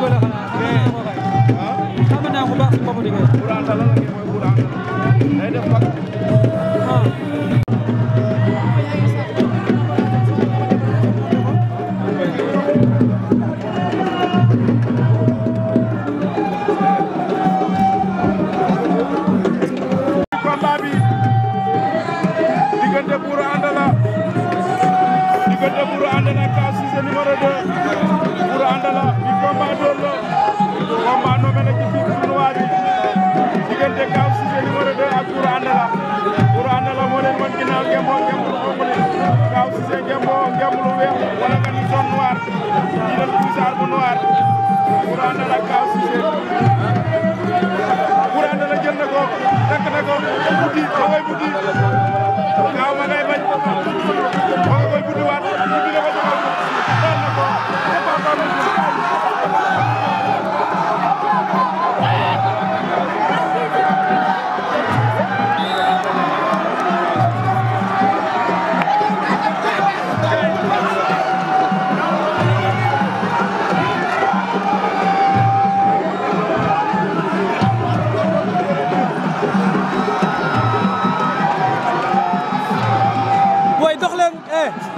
mooy wala xanaa xam naa ko baax si bopp liggéey. Buuranta la la kii mooy Buuranta day def mag. Ah. diggante Buuranta la diggante Buuranta la Ka Cissé numéro 2 noome la ci biir tournoi bi diggante Kaw Cissé numéro 2 ak Bour Andala Bour Andala moo leen mën ginnaaw gemboo gembu lu xonqle Kaw Cissé gemboo gembu lu weex wala nga ni son noir jiital bu noir Bour Hey!